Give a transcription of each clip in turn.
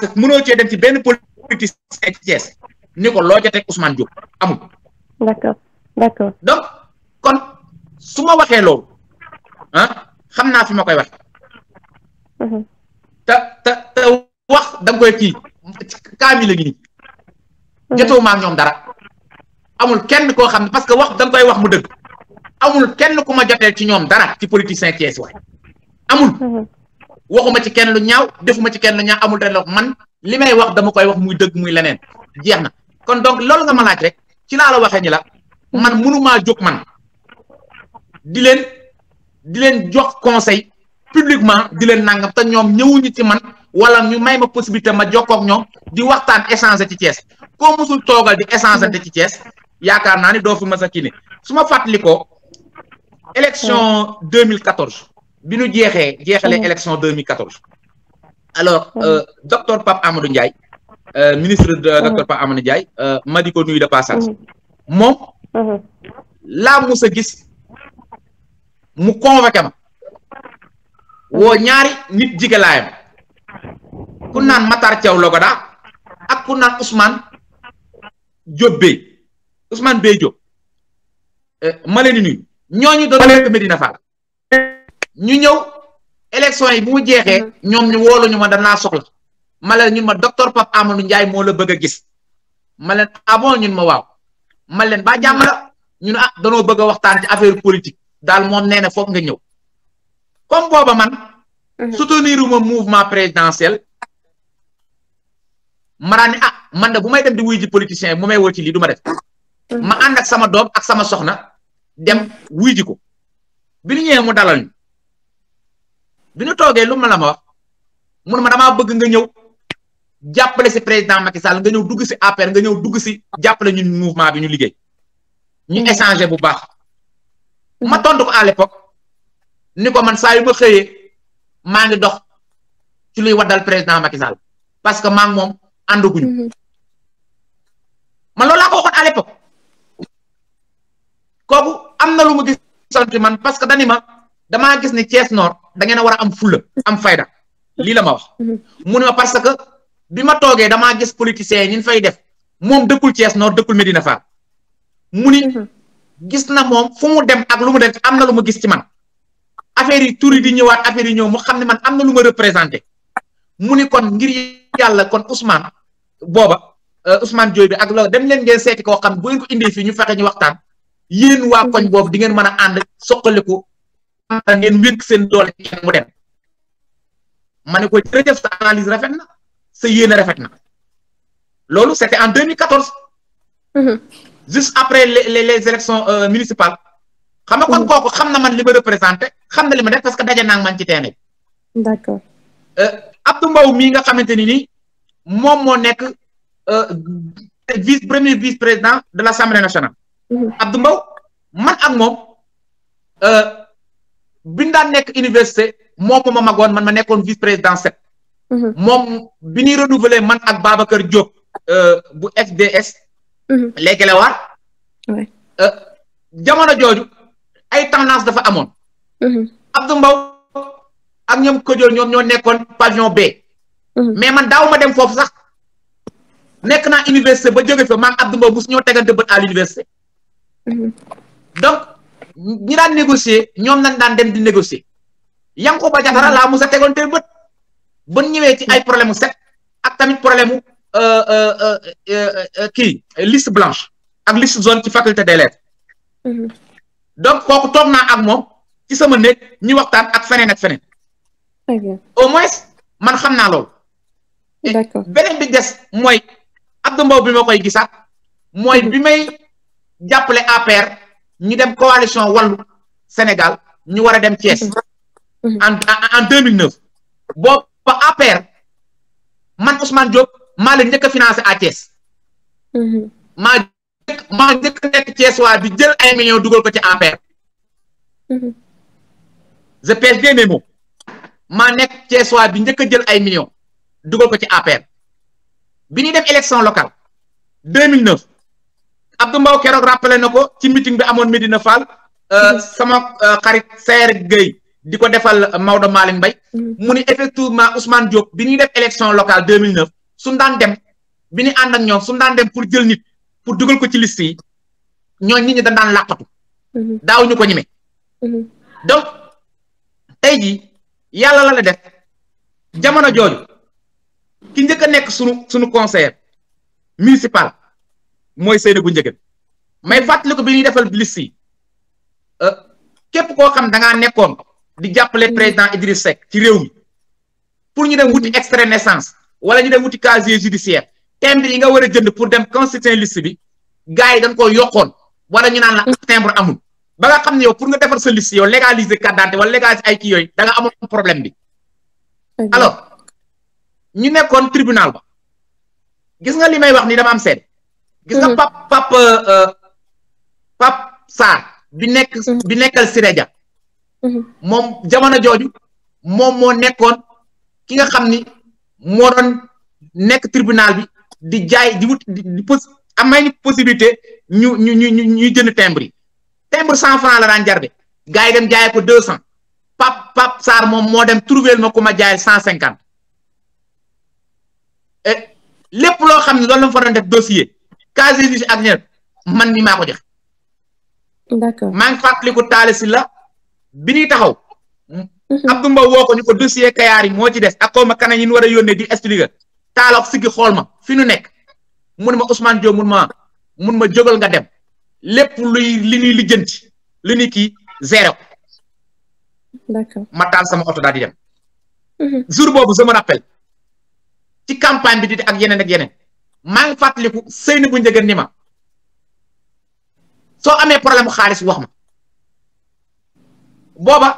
parce que mënoo cee dem ci benn politicien ci Thiès ni ko loo ca teg Ousmane Diop amul. d'accord d'accord. donc kon su ma waxee loolu ah, xam naa fi ma koy wax. Mm-hmm. te te te wax da koy kii kaami la nii. Mm-hmm. jotoo ma ñoom dara. amul kenn koo xam ne parce que wax da koy wax mu dëgg. amul kenn ku ma jotee ci ñoom dara ci politicien Thiès amul. Mm-hmm. waxuma ci kenn lu ñaaw defuma ci kenn lu ñaaw amul delloo man li may wax dama koy wax muy dëgg muy leneen jeex na kon donc loolu nga ma laaj rek ci laa la waxee ñi la man mënumaa jóg man di leen di leen jox conseil publiquement di leen nangam te ñoom ñëwuñu ci man wala ñu may ma possibilité ma jokkook ñoom di waxtaan échanger ci Thiès koo musul toogal di échanger ci cees yaakaar naa ni doo fi mës a kii ne su ma fàttalikoo élection 2014 hmm. bi nu jeexee jeexalee mmh. élection 2014 alors mmh. euh, docteur Pape Amadou Ndiaye euh, ministre de mmh. docteur Pape Amadou Ndiaye euh, ma di ko nuyu de passage moom laa mus gis mu convoqué ma woo ñaari nit jigalaayam ku naan Matar Thiaw Logoda ak ku naan Ousmane Diop Bey Ousmane Bey Diop ñooñu doon Medina Fall ñu ñëw élection yi bu mu jeexee mhm. ñoom ñu woolu ñu ma danaa soxla ma leen ñun ma docteur Pape Amadou Ndiaye moo la bëgg a gis ma leen abon ah ñun ma waaw ma leen ba jàmm la ñu ne ah danoo bëgg a waxtaan ci affaire politique daal moom nee na foog nga ñëw comme booba man mhm. soutenir uma mouvement présidentiel ma daan ne ah man de bu may dem di wuy ji politicien mu may woo ci lii du ma def mhm. ma ànd ak sama doom ak sama soxna dem wuy ko bi ñu ñëwee mu dalal bi ñu toogee lu ma la ma wax mun ma damaa bëgg nga ñëw jàppale si président Macky Sall nga ñëw dugg si APR nga ñëw dugg si jàppale ñu mouvement bi ñu liggéey ñu échanger bu baax ma tontu ko à ko man saa yu ma xëyee maa ngi dox ci luy waddal président Macky Sall parce que maa moom àndaguñu mm-hmm. man loolu laa ko waxoon kooku am na lu mu gis sant man parce que dani damaa gis ne Thiès Nord da ngeen a war a am fulla am fayda lii la ma wax. Mhm. mu ne ma parce que bi ma toogee damaa gis politiciens yi ni fay def moom dëkkul Thiès Nord dëkkul Medina Fall mu ni mhm. gis na moom fu mu dem ak lu mu dem am na lu mu gis ci man affaire yi tur yi di ñëwaat affaire yi ñëw mu xam ne man am na lu ma représenté mu ni kon ngir yàlla kon Ousmane booba euh, Ousmane Diop bi ak loolu dem leen ngeen seeti koo xam bu ngeen ko indee fii ñu fexe ñu waxtaan yéen waa koñ mhm. boobu di ngeen mën a ànd soqaliku ngeen wékk seen doole mu dem ne ko jërëjëf sa analyse rafet na sa yéene rafet na loolu c' deux en 2014. Mhm. juste après les les élections euh, municipales. xam nga kon mhm. kooku xam na man li ma représenté xam na li ma def parce que daje naa man ci terrain bi. d' accord euh, Abdou mii nga xamante ni nii moom moo nekk euh, vice premier vice président de l' assemblée nationale. Mhm. Abdou Mbow man ak moom. bi ñu daan nekk université moom ma magoon man ma nekkoon vice président set mhm. moom bi ñuy renouveler man ak Babacar Diop euh, bu FDS. Mhm. léegi la waar. Euh, jamono jooju ay tendance dafa amoon. Mhm. Abdou Mbow ak ñoom Kodjo ñoom ñoo nekkoon pavillon B. mais man daaw ma dem foofu sax nekk naa université ba jóge fa maam Abdou Mbow bu ñoo tegante bët à l'université donc ñi daan négocier ñoom nañ daan dem di négocier Yankhoba Diattara laa musa tegoon te bët ba ñëwee ci ay problème mu set ak tamit problème mu euh, euh, euh, kii liste blanche ak liste zone ci faculté de lettres. Mhm. donc kooku toog naa ak moom ci sama néeg ñu waxtaan ak feneen ak feneen. au moins man xam naa loolu. d'accord beneen bi des mooy Abdou Mbow bi ma koy gisaat. mooy mhm. bi may jàppale APR. ñu dem coalition wal Sénégal ñu war a dem Thiès. Mhm. en en deux mille neuf. boobu ba APR man Ousmane Diop maa leen njëkk a financé à Thiès. Mhm. maa njëkk maa njëkk a nekk Thiès waa di jël ay millions dugal ko ci APR. Mhm. je pèse bien maa nekk Thiès waa bi njëkk a jël ay millions dugal ko ci APR bi ñuy dem élection locale deux Abdou Mbow keroog rappelé na ko ci meeting bi amoon Medina Fall euh, mm-hmm. sama euh, xarit Seer Gueye di ko defal Maodo Malick Mbaye mm-hmm. mu ni effectivement Ousmane Diop bi ñuy def élection locale 2009 suñ daan dem bi ñu ànd ak ñoom suñ daan dem pour jël nit pour dugal ko ci liste yi ñooñ ñi dañ daan làqatu mm-hmm. daaw ñu ko ñeme donc tey jii yàlla la la def jamono jooju ki njëkk a nekk sunu suñu conseil municipal mooy Seyna bu njëgën may fàttali ko bi ñuy defal liste yi euh, képp koo xam da ngaa nekkoon di jàppale mm. président Idriss Seck ci réew mi pour ñu dem wuti extrait naissance wala ñu dem wuti casier judiciaire timbre yi nga war a jënd pour dem constituer liste bi gars yi dañ koo yokkoon wala ñu naan la mm. timbre amul ba xam ne pour nga defar sa liste yow légaliser carte d'identité wala légaliser ay kii yooyu da nga amoon problème bi. alors ñu nekkoon tribunal ba gis nga li may wax ni dama am seet gis nga pap pap pap Sarr bi nekk mhm. bi nekkal Siré Dia mhm. moom jamono jooju moom moo nekkoon ki nga xam ni moo doon nekk tribunal bi di jaay di wut di pos am nañu possibilité ñu ñu ñu ñu ñu jënd timbre yi timbre cent franc la daan de gars yi dem jaayee ko deux cent pap pap Sarr moom moo dem trouvé ma ku ma jaayee cent cinquante lépp loo xam ne loolu la fa def dossier. Casamance ak ñeneen man mi maa ko joxe. d'accord maa ngi fàttaliku si la bi ñuy taxaw. Mhm. Abdou Mbow woo ko ñu ko dossier Kayar yi moo ci des ak kaw ma kanam yi ñu war a yónnee di expliquer taaloog siggi xool ma fi nu nekk mun ma Ousmane Diop mun ma mun ma jógal nga dem lépp luy li ñuy lijjanti li ñuy kii zéro. d'accord ma taal sama oto daal dem. Mhm. jour boobu je me ci campagne bi di ak yeneen ak yeneen. maa ngi fàttaliku sëy bu njëgën ni ma soo amee mu xaalis wax ma booba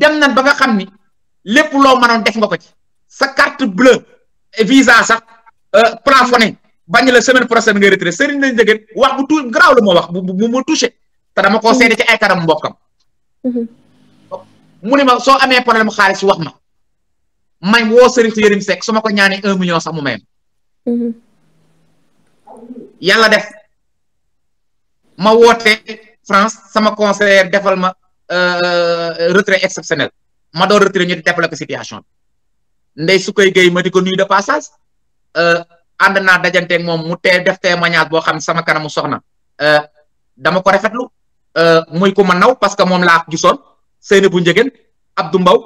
dem nañ ba nga xam ni lépp loo mënoon def nga ko ci sa carte bleue visa sax euh, plafonné bañ la semaine prochaine ngay retiré sëriñ lañ njëgën wax bu tu garaaw la moo wax bu bu mu touché te dama koo seede ci ay karam mbokkam mm-hmm. mu ne ma soo amee mu xaalis wax ma may woo sëriñ si yërim Seck su ma ko ñaanee un million sax mu mayam Mm-hmm. yàlla def ma woote France sama conseiller defal ma euh, retrait exceptionnel ma doon retrait ñu développé situation bi ndey su koy ma di ko nuyu de passage euh, ànd naa dajanteeg moom mu tee def témoignage boo xam ne sama kanamu soxna euh, dama ko rafetlu muy ku ma naw parce que moom laa gisoon Seynabou Ndiéguène Abdou Mbow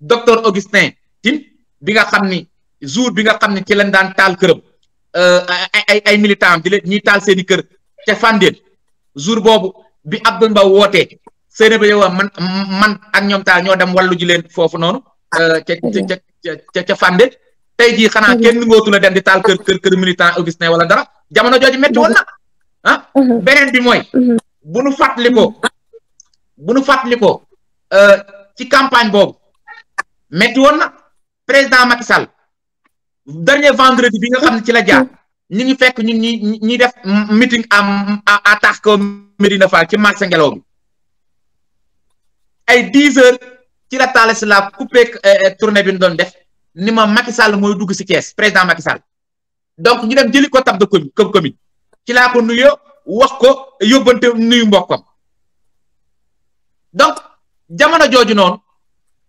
docteur Augustin Tine bi xam ni jour bi nga xam ne ci lañ daan taal këram euh, ay ay ay militant di leen ñuy taal seen kër ca Fandène jour boobu bi Abdou Mbow wootee Seyna bi yow man man ak ñoom taal ñoo dem wallu ji leen foofu noonu euh, ca ca ca ca Fandène tey jii xanaa kenn ngootu la dem di taal kër kër kër militant Augustin wala dara jamono jooju métti woon na ah mhm. beneen bi mooy mhm. bu nu fàttalikoo bu nu fàttalikoo euh, ci campagne boobu métti woon na président Macky dernier vendredi bi nga xam ne ci la jaar mm. ñu ngi fekk ñun ñi ñuy def meeting am à tax ko Médina Fall ci marché ngelaw bi ay dix heures ci la Talla la coupé eh, eh, tournée bi ñu doon def ni ma Macky Sall mooy dugg si Thiès président Macky Sall donc ñu dem jëli ko tab de commune comme commune ci laa ko nuyoo wax ko yóbbante nuyu mbokkam donc jamono jooju noonu.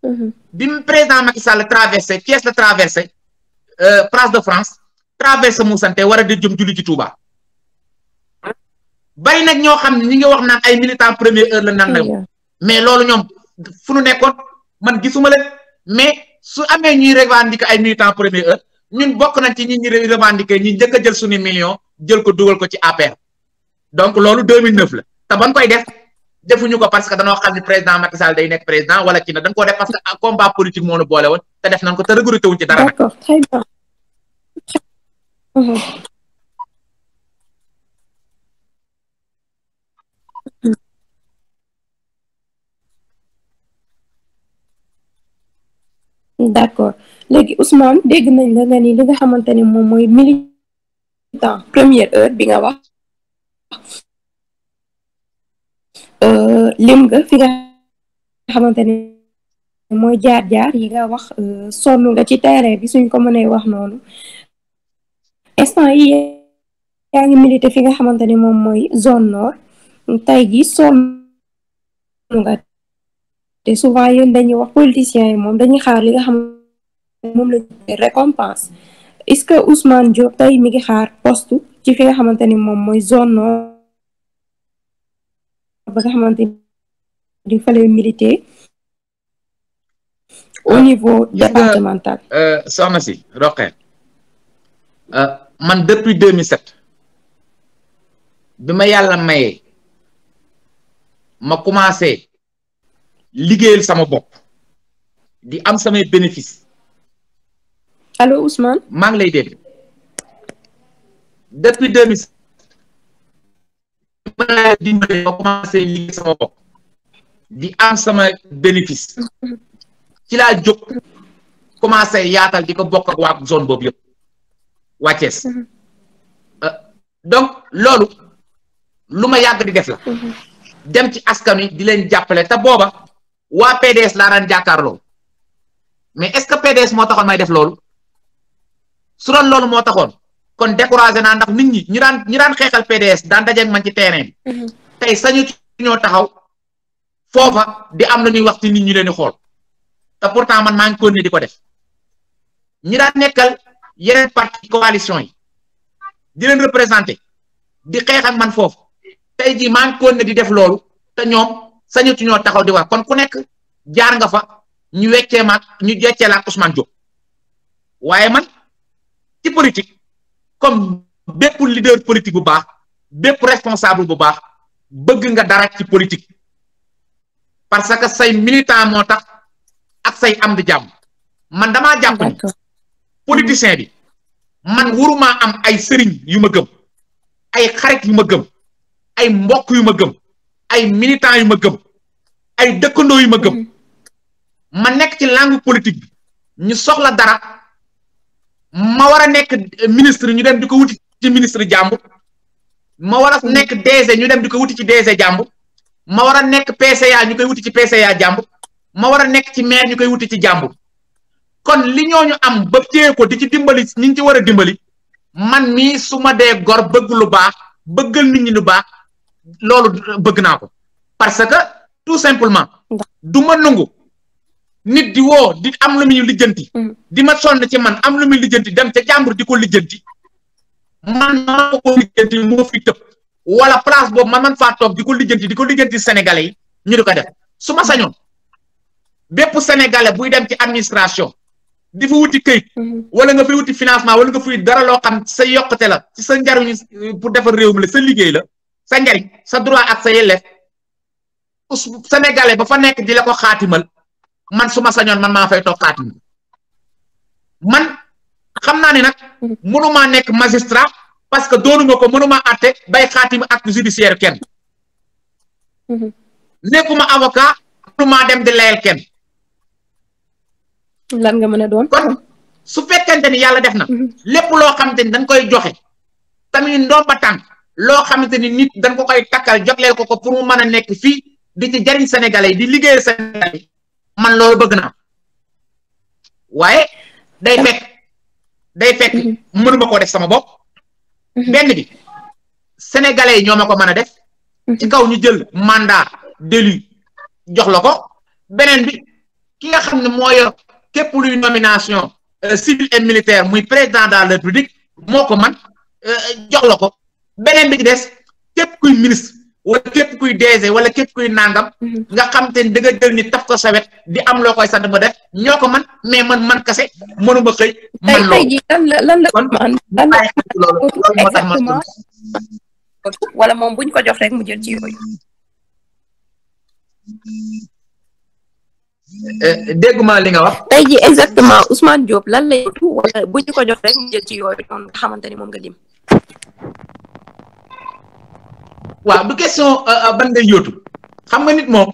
Mm-hmm. bi président Macky Sall traversé Thiès la traversé. Euh, place de France traversé mu sante war a di jëm julli ci Touba bari nag ñoo xam ne ñi ngi wax naan ay militant première heure la nan la mais loolu ñoom fu nu nekkoon man gisuma leen mais su amee ñuy revendiquer ay militant première heure ñun bokk nañ ci ñi ñuy revendiquer ñi njëkk jël suñu million jël ko dugal ko ci APR donc loolu 2009 la te ban koy def. defuñu ko parce que danoo xam ne président Macky Sall day nekk président wala kii na ko def parce que combat politique moo nu boole woon te def nañ ko te regretté wuñ ci dara nag. d'accord mhm. léegi Ousmane dégg nañ la nga ni li nga xamante ne moom mooy militant première heure bi nga wax. Euh, lim nga fi nga xamante mooy jaar-jaar yi nga wax euh, sonn nga ci terrain bi suñ ko mënee wax noonu instant yi yaa ngi milité fi nga xamante ne moom mooy zone nord tey ji sonn nga te souvent yéen dañuy wax politiciens yi moom dañuy xaar li nga xam moom la récompense est-ce que Ousmane Diop tey mi ngi xaar poste ci fi nga xamante ni moom mooy zone nord ba nga xamante ni fa lay militer au niveau euh, départemental. Euh, soxna si Roqe euh, man depuis 2007 bi ma yàlla mayee ma commencé liggéeyal sama bopp di am samay bénéfice allo Ousmane. maa ngi lay dégg depuis 2007. ma laa dimbalee ba commencé liggéey sama di am sama bénéfice ci laa jóg commencé yaatal di ko bokk ak waa zone boobu yëpp waa euh, donc loolu lu ma yàgg di def la dem ci askan wi di leen jàppale te booba waa PDS laa daan jàkkaarloo mais est-ce que PDS moo taxoon may def loolu su loolu moo taxoon kon découragé naa ndax nit ñi ñi daan ñi daan xeexal PDS daan dajeeg man ci terrain bi. Mm-hmm. tey sañu ci ñoo taxaw foofa di am na ñuy wax nit ñi leen di xool te pourtant man maa ngi continuer di ko def ñi daan nekkal yeneen parti coalition yi di leen représenté di xeex man foofu tey jii maa ngi continuer di def loolu te ñoom sañu ci ñoo taxaw di wax kon ku nekk jaar nga fa ñu weccee maag ñu jeccee la ak Ousmane Diop waaye man ci politique. comme bépp leader politique bu baax bépp responsable bu baax bëgg nga dara ci politique parce que say militant moo tax ak say am di jàmm man damaa jàpp ni politicien bi man warumaa am ay sëriñ yu ma gëm ay xarit yu ma gëm ay mbokk yu ma gëm ay militant yu ma gëm ay dëkkandoo yu ma gëm mm-hmm. ma nekk ci langue politique bi ñu soxla dara ma war a nekk ministre ñu dem di ko wuti ci ministre jàmbur ma war a mm-hmm. nekk DG ñu dem di ko wuti ci DG jàmbur ma war a nekk PCA ñu koy wuti ci PCA jàmbur ma war a nekk ci maire ñu koy wuti ci jàmbur kon li ñooñu am ba téye ko di ci dimbali ñi ñu ci war a dimbali man mii su ma dee gor bëgg lu baax bëggal nit ñi lu baax loolu bëgg naa ko parce que tout simplement du ma nungu nit di woo di am lu muy lijjanti. Mm. di ma sonn ci man am lu muy lijjanti dem ca jàmbur di ko lijjanti man maa ko mu lijjanti fi tëb wala place boobu man man faa toog di ko lijjanti di ko lijjanti Sénégalais yi ñu di ko def su ma sañoon bépp Sénégalais buy dem ci administration di fa wuti këyit. Mm. wala nga fay wuti financement wala nga fay dara loo xam sa yokkute la ci sa njariñ pour defar réew mi la sa liggéey la sa njariñ sa droit ak sa yelleef Sénégalais ba fa nekk di la ko xaatimal. man su ma sañoon man maa fay toog man xam naa ni nag maa nekk magistra parce que doonuma ko maa àtte bay xaatim ak judiciaire ken mhm. nekkuma avocat maa dem di layel kenn lan nga mën a doon kon su fekkente ni yàlla def na mhm. lépp loo xam ni dañ koy joxe tamit ba tànk loo xamante ni nit dañ ko koy takkal jogleel ko ko pour mu mën a nekk fii di ci jariñ sénégalais yi di liggéeyal sénégalais man loolu bëgg naa waaye day fekk day fekk mm-hmm. mënuma koo def sama bopp mm-hmm. benn bi sénégalais yi ñoo ma ko mën a def mm-hmm. ci kaw ñu jël manda d'élu jox la ko beneen bi ki nga xam ne moo yor képp luy nomination euh, civile et militaire muy président de la république moo ko man euh, jox la ko beneen bi des képp kuy ministre wala képp kuy DG wala képp kuy nangam. Mm-hmm. nga xam te ne da nga jël ni taf ko sawet wet di am loo koy sant ma de ñoo ko man mais man man kase mënuma xëy. man loolu tey lan la lan la kon lan la loolu wala moom buñ ko jox rek mu jël ci yooyu. Eh, eh, dégguma li nga wax. tey jii exactement Ousmane Diop lan lay wala buñ ko jox rek mu jël ci yooyu noonu nga xamante ni moom nga lim. waaw bu question euh, euh, ban ngay yóotu xam nga nit moom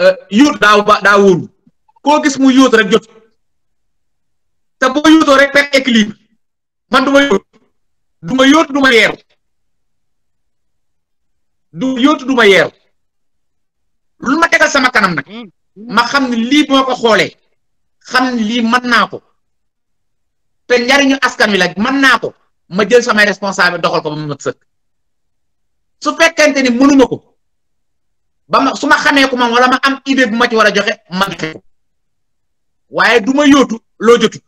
euh, yóotu daa ba daa wóolu gis mu yóotu rek jot te boo yóotoo rek perte équilibre man du ma yóotu du ma yóotu du ma yeeru du yóotu du ma yeeru lu ma tegal sama kanam nag ma xam ne lii boo ko xoolee xam ne lii mën naa ko te njariñu askan wi la mën naa ko ma jël samay responsable doxal ko ba mu mat sëkk su fekkente ni mënuma ko ba ma su ma xamee ko man wala ma am idée bu ma ci war a joxe ma joxe waaye du ma yóotu loo jotu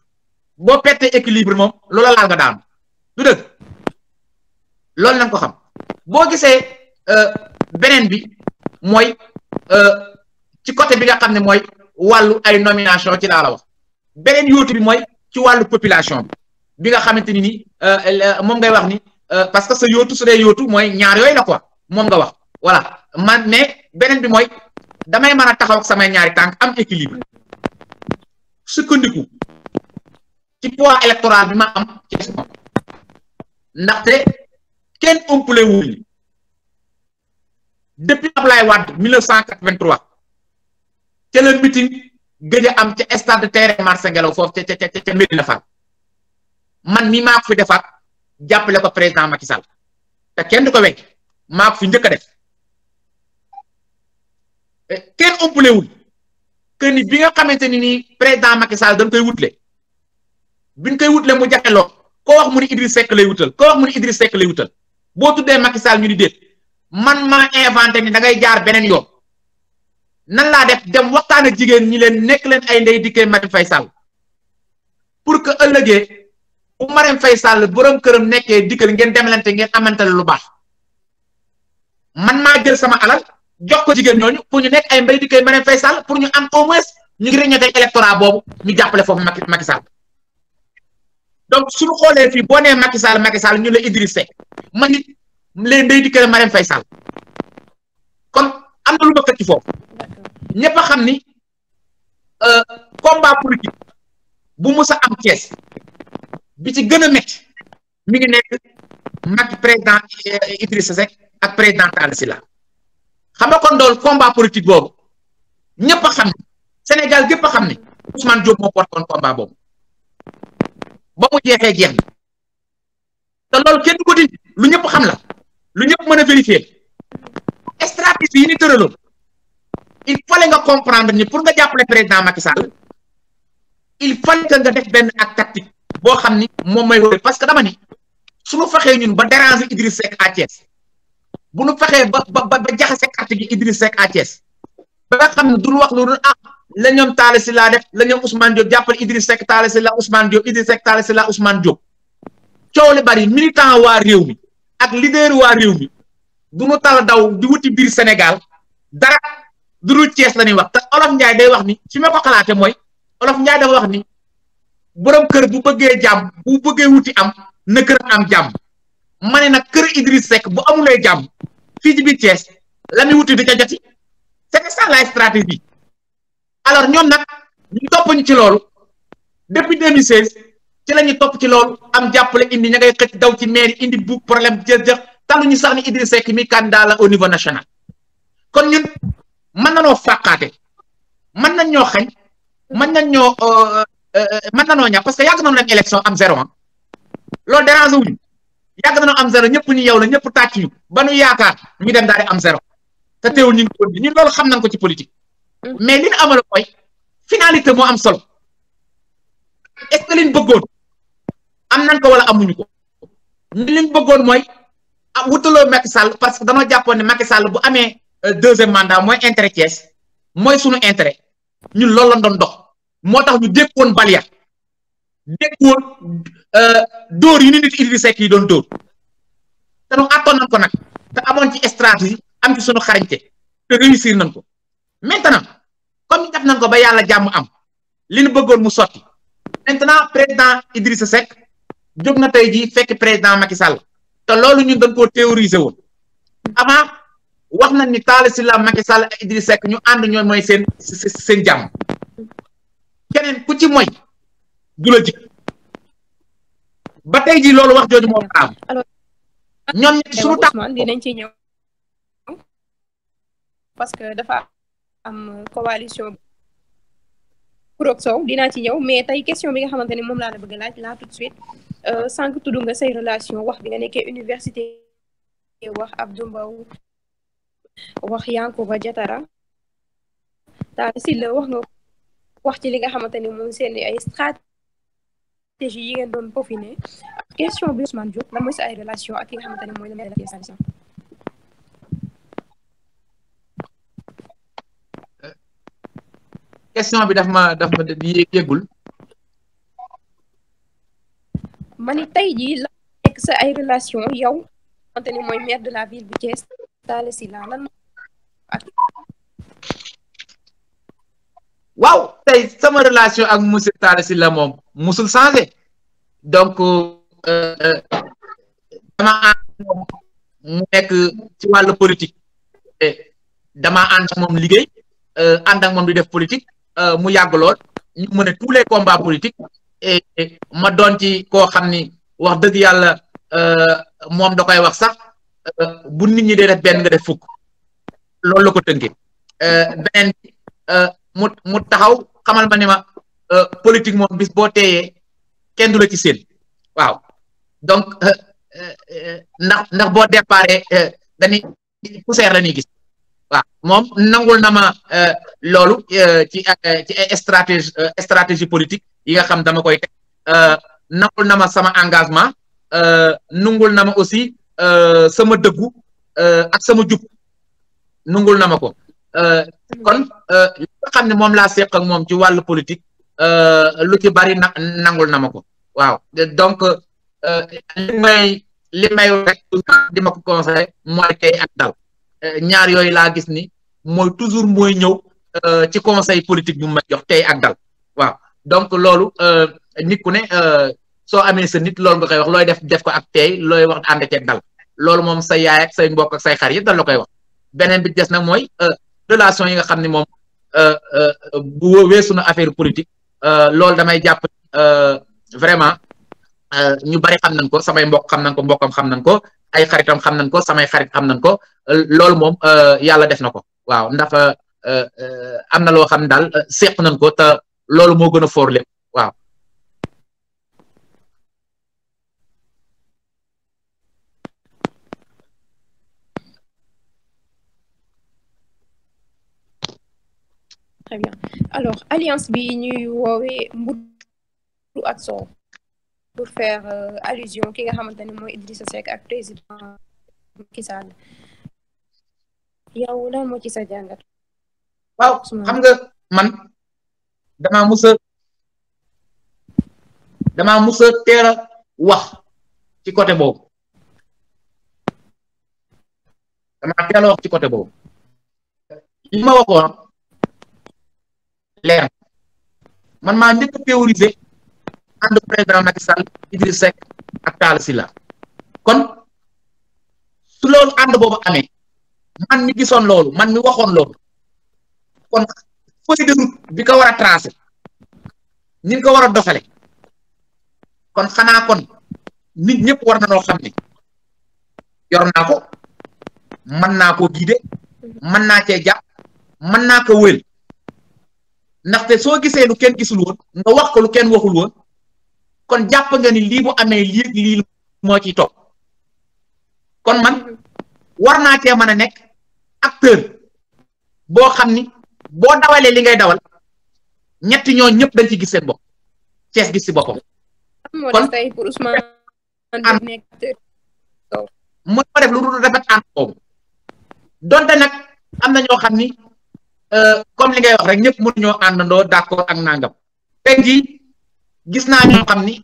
boo pertee équilibre moom loola laal nga daanu du dëgg loolu nañ ko xam boo gisee euh, beneen bi mooy euh, ci côté bi nga xam ne mooy wàllu ay nomination ci laa la wax beneen bi mooy ci wàllu population bi bi nga xamante ni ni euh, moom ngay ni Euh, parce que sa yootu su dee yóotu mooy ñaar yooyu la quoi moom nga wax voilà man mais beneen bi mooy damay mën a taxaw ak samay ñaari tànk am équilibre sukkandiku ci poids électoral bi ma am ndaxte kenn umpule wul ni depuis Ablaye Wade 1983 ca la meeting gëj a am ca stade de terrain Marché Ngelaw foof ca ca ca ca Médina Fall man mii maa fi defaat. jàppale ko président Macky Sall te kenn du ko wekk maa ko fi njëkk a def eh, kenn ëmpulewul que ni bi nga xamante ni nii président Macky Sall dañ koy wutle biñ koy wutle mu jaxe lool koo wax mu ni Idriss Seck lay wutal ko wax mu ni Idriss Seck lay wutal boo tuddee Macky Sall ñu di déet man ma inventé ni da ngay jaar beneen yoon nan laa def dem waxtaan ak jigéen ñi leen nekk leen ay ndey dikkee Marième Faye Sall pour que ëllëgee bu Marème Faye Sall borom këram nekkee dikkal ngeen demalante ngeen amantale lu baax man maa jël sama alal jox ko jigéen ñooñu pour ñu nekk ay mbéy dikkee Marème fay Sall pour ñu am au moins ñu ngi réññee tey électorat boobu ñu jàppale foofu Macky Macky Sall donc suñu xoolee fii boo nee Macky Sall Macky Sall ñu la Idriss Seck man it lee mbéy dikkee Marème Faye Sall kon am na lu ma fekk foofu ñëpp a xam ni euh, combat politique bu mus a am Thiès. bi ci gën a métti mi ngi nekk Macky président Idrissa Seck ak président Talla Sylla xam nga kon dool combat politique boobu ñëpp a xam ne Sénégal gépp xam ne Ousmane Diop moo porté woon combat boobu ba mu jeexee jeex na te loolu kenn du ko lu ñëpp xam la lu ñëpp mën a vérifier stratégie yi ni tëraloon il fallait nga comprendre ni pour nga jàppale président Macky Sall il fallait que nga def benn acte tactique. boo xam ni moom may wooy parce que dama ni suñu fexee ñun ba déranger Idriss Seck à Thiès bu nu fexee ba ba ba jaxase carte gi Idriss Seck à Thiès ba nga xam ne duñ wax lu dul leen ah, la ñoom Talla def la ñoom Ousmane Diop jàppale Idriss Seck Talla Sylla Ousmane Diop Idriss Seck Talla Sylla Ousmane Diop coow li bari militant waa réew mi ak leader waa réew mi du nu tala daw di wuti biir Sénégal dara du dul Thiès la ñuy wax te Olof Ndiaye day wax ni si ma ko xalaate mooy Olof Ndiaye dafa wax ni borom kër bu bëggee jàmm bu bëggee wuti am na këram am jàmm ma ne nag kër Idriss bu amulee jàmm fii ci biir Thiès la di ca joti c'est ça la stratégie alors ñoom nag ñu topp ñu ci loolu depuis 2016 ci la topp ci loolu am jàppale indi ña ngay xëcc daw ci mairie indi bu problème jëf-jëf talu ñu sax ni Idriss Seck mi candidat la au niveau national kon ñun mën na noo fàqaate mën nañ ñoo xañ mën nañ ñoo euh, Euh, mën nanoo ñàkk parce que yàgg nañu dem élection am zéro ah loolu dérange wuñu yàgg nañoo am zéro ñëpp ñu yow la ñëpp tàcc ñu ba yaakaar ñu dem daal am zéro te teewul ñu ngi ko ñun loolu xam nañ ko ci politique mm. mais li ñu amal mooy finalité moo am solo est-ce que bëggoon am nañ ko wala amuñu ko liñ bëggoon mooy ah wutaloo Macky Sall parce que danoo jàppoon ne Macky Sall bu amee euh, deuxième mandat mooy intérêt Thiès mooy sunu intérêt ñun loolu lañ doon dox. moo tax ñu dékkoon Balia dékkoon euh, dóor yi ni nit Idriss Seck yi doon dóor te nu àttoon nañ ko nag te amoon ci stratégie am ci sunu xarañte te réussir nañ ko maintenant comme def nañ ko ba yàlla jàmm am li nu bëggoon mu sotti maintenant président Idriss Seck jóg na tey jii fekk président Macky Sall te loolu ñu dañ koo théoriser woon avant wax nañ ni Talla Sylla Macky Sall ak Idriss ñu ànd ñoom mooy seen seen jàmm. keneen ku ci moy du la ji ba tey ji loolu wax jooju moom ñoom ñett suñu ci ñëw parce que dafa am coalition Kurok Sow dinaa ci ñëw mais tey question bi nga xamante ne moom laa bëgg laaj laa tout de suite euh, sànq tudd nga say relation wax bi nga nekkee université wax Abdou Mbow wax Yankhoba Diattara taal si la wax nga wax ci li nga xamante ni moom seen ay stratégie yi ngeen doon peaufiner ak question bi Ousmane Diop lan mooy sa ay relation ak nga xamante ni mooy la question bi daf ma daf ma yéegul ma ni tey jii la nekk ay relation yow xamante ni mooy maire de la ville bu Thiès Talla Sylla lan waaw tey sama relation ak monsieur si la moom musul changé donc euh, euh, dama moom mu nekk ci wàllu politique damaa ànd moom liggéey euh, ànd ak moom di def politique mu yàgg lool ñu mën tous les combats politiques et ma doon ci koo xam ni wax dëgg yàlla moom da koy wax sax bu nit ñi dee def benn nga def fukk loolu la ko tënkee beneen bi mu mu taxaw xamal ma ne ma euh, politique moom bis boo teeyee kenn du la ci seen waaw donc euh, euh, ndax ndax boo déparé ni poussière la ni gis waaw moom nangul na ma loolu ci ci ay stratégie stratégie politique yi nga xam dama koy teg nangul na ma sama engagement nungul na ma aussi sama dëggu ak sama jub nungul na ma ko Euh, kon euh, li xam ne moom laa seq ak moom ci wàllu politique euh, lu ci bari na nangul na ma ko waaw donc li may li may rek di ma ko conseillé mooy tey ak dal ñaar yooyu laa gis ni mooy toujours mooy ñëw ci conseil politique bu may jox tey ak dal waaw donc loolu nit ku ne soo amee sa nit loolu nga koy wax looy def def ko ak tey looy wax ànd ceeg dal loolu moom sa yaay ak say mbokk ak say xarit yëpp da la koy wax beneen bi des nag mooy relation yi nga xam ne moom euh, euh, bu weesu na affaire politique euh, loolu damay jàpp vraiment ñu bari xam nañ ko samay mbokk xam nañ ko mbokkam xam nañ ko ay xaritam xam nañ ko samay xarit xam nañ ko loolu moom yàlla def na ko waaw ndax am na loo xam daal seq nañ ko te loolu moo gën a foor lépp très bien alors alliance bi ñuy woowee mburu ak soow pour faire euh, allusion ki nga xamante ne mooy sa Seck ak président Macky Sall yow lan moo ci sa jàngat waaw xam nga man damaa musa dama musa teel wax ci côté boobu damaa teel wax ci côté boobu li ma leer man maa njëkk a théoriser ànd président Macky Sall Idriss Seck ak Talla Sylla kon su loolu ànd boobu amee man mi gisoon loolu man mi waxoon loolu kon feuille de route bi ko war a tracer ni ko war a doxale kon xanaa kon nit ñëpp war na noo xam ne yor naa ko mën naa koo guider mën naa cee jàpp mën naa ko wël ndaxte soo gisee lu kenn gisul woon nga wax ko lu kenn waxul woon kon jàppa nga ni lii bu amee lii ak lii moo ciy topp kon man war naa cee mën a nekk acteur boo xam ni boo dawalee li ngay dawal ñetti ñoo ñëpp dañ ci gis seen bopp Cees gis si boppam. kon tey pour def lu dul rafet ànd boobu am na ñoo xam ni. Euh, comme li ngay wax rek ñëpp mënuñoo àndandoo d'accord ak nangam tey jii gis naa ñoo xam ni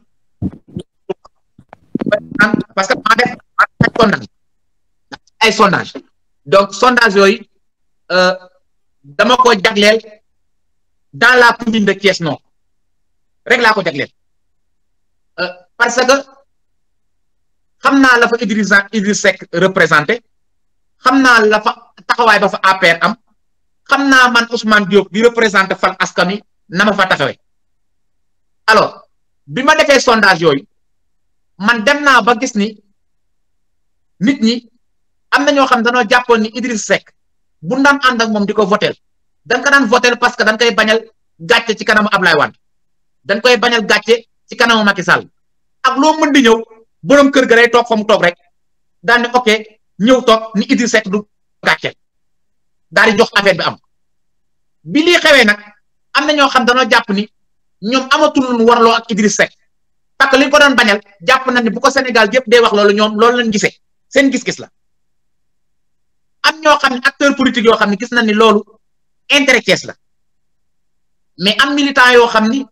parce que maa def ay sondage donc sondage yooyu euh, dama ko jagleel dans la commune de Thiès Nord rek laa ko jagleel euh, parce que xam naa lafa fa Idrissa sek Seck représenté xam naa la fa taxawaay ba fa APR am xam naa man Ousmane Diop bi représenté fan askan wi na ma fa taxawee alors bi ma defee sondage yooyu man dem naa ba gis ni nit ñi am na ñoo xam dañoo jàppoon ni Idriss Seck bu ndam ànd ak moom di ko votel dañ ko daan votel parce que dañ koy bañal gàcce ci kanamu Ablaye wan dañ koy bañal gàcce ci kanamu Macky Sall ak loo mën di ñëw borom kër ga lay toog fa mu toog rek daal ni ok ñëw toog ni Idriss Seck du gàcce daal di jox affaire bi am bi lii xewee nag am na ñoo xam dañoo jàpp ni ñoom amatul lu warloo ak Idriss Seck parce que li daan bañal jàpp na ne bu ko Sénégal yëpp day wax loolu ñoom loolu lañ gisee seen gis-gis la am ñoo xam ne acteur politique yoo xam ne gis nañ ni loolu intérêt Thiès la mais am militant yoo xam ni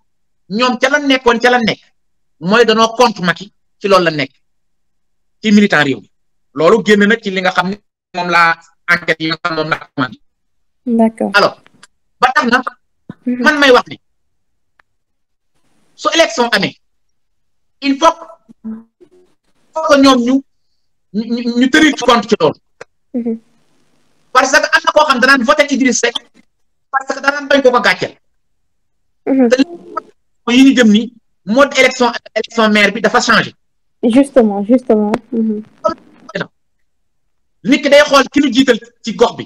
ñoom ca la nekkoon ca la nekk mooy danoo contre Macky ci loolu la nekk ci militant réew mi loolu génn na ci li nga xam ne moom laa enquête yi nga xam moom laa commandé. d'accord alors ba tax na. Hmm. man may wax ni su élection amee il faut que ñoom ñu ñu ñu tenir compte ci loolu. Hmm. parce que am na koo xam danaan voté Idriss hmm. yi ñu jëm ni mode élection maire bi dafa changé. justement justement. nit ki day xool ki ñu jiital ci gox bi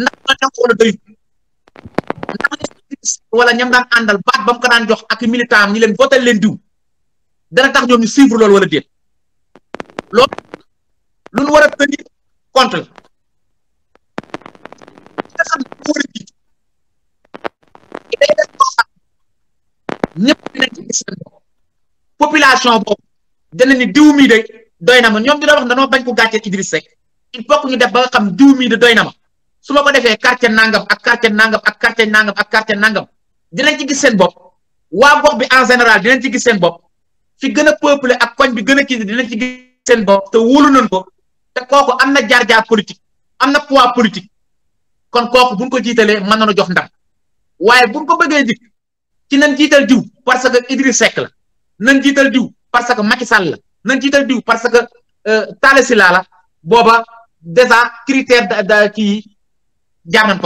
ndax la ñam wala doy ndax daan àndal baat ba mu ko daan jox ak militant am ñi leen votal leen diw dana tax ñoom ñu suivre lool wala déet loolu lu ñu war a tenir compte boobu dana ni diw mi de doy na ma ñoom ñu doon wax danoo bañ ko gàcceel Idriss Seck il faut que ñu def ba nga xam diw mii de doy na ma su ko defee quartier nangam ak quartier nangam ak quartier nangam ak quartier nangam dinañ ci gis seen bopp waa gox bi en général dinañ ci gis seen bopp fi gën a peuplé ak koñ bi gën a kii dinañ ci gis seen bopp te wóolu nañ ko te kooku am na jaar-jaar politique am na poids politique kon kooku bu ko jiitalee mën nañu jox ndam waaye buñ ko bëggee dik ci nan jiital diw parce que Idriss Seck la nañ jiital diw parce que Macky Sall la. nañ jiital diw parce que euh, Talla Sylla la booba déjà da da kii jaar nañ